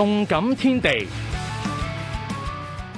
動感天地，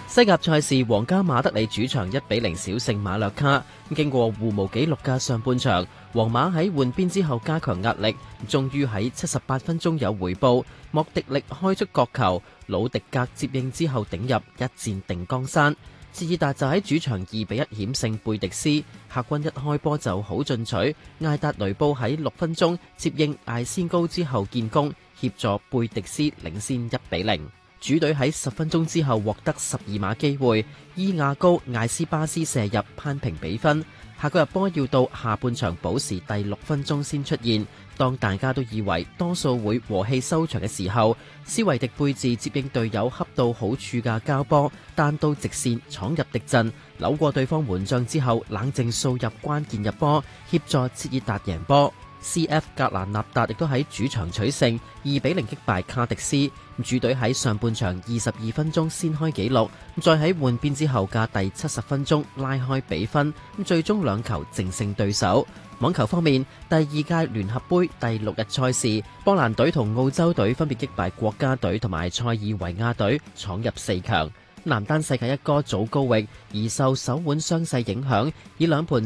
西甲賽事皇家馬德里主場一比零小勝馬略卡。經過互無紀錄嘅上半場，皇馬喺換邊之後加強壓力，終於喺七十八分鐘有回報。莫迪力開出角球，魯迪格接應之後頂入，一戰定江山。切爾達就喺主場二比一險勝貝迪斯，客軍一開波就好進取，艾達雷布喺六分鐘接應艾仙高之後建功，協助貝迪斯領先一比零。主隊喺十分鐘之後獲得十二碼機會，伊亞高艾斯巴斯射入攀平比分。下個入波要到下半場補時第六分鐘先出現。當大家都以為多數會和氣收場嘅時候，斯維迪貝治接應隊友恰到好處嘅交波，單刀直線闖入敵陣，扭過對方門將之後，冷靜掃入關鍵入波，協助切爾達贏波。C.F. 格蘭納達亦都喺主場取勝，二比零擊敗卡迪斯。主隊喺上半場二十二分鐘先開紀錄，再喺換邊之後嘅第七十分鐘拉開比分，最終兩球淨勝對手。網球方面，第二屆聯合杯第六日賽事，波蘭隊同澳洲隊分別擊敗國家隊同埋塞爾維亞隊，闖入四強。男單世界一哥早高域而受手腕傷勢影響，以兩盤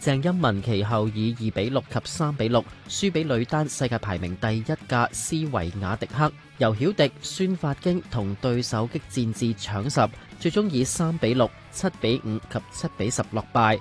鄭欽文其後以二比六及三比六輸俾女單世界排名第一嘅斯維亞迪克，由曉迪、孫發京同對手激戰至搶十，最終以三比六、七比五及七比十落敗。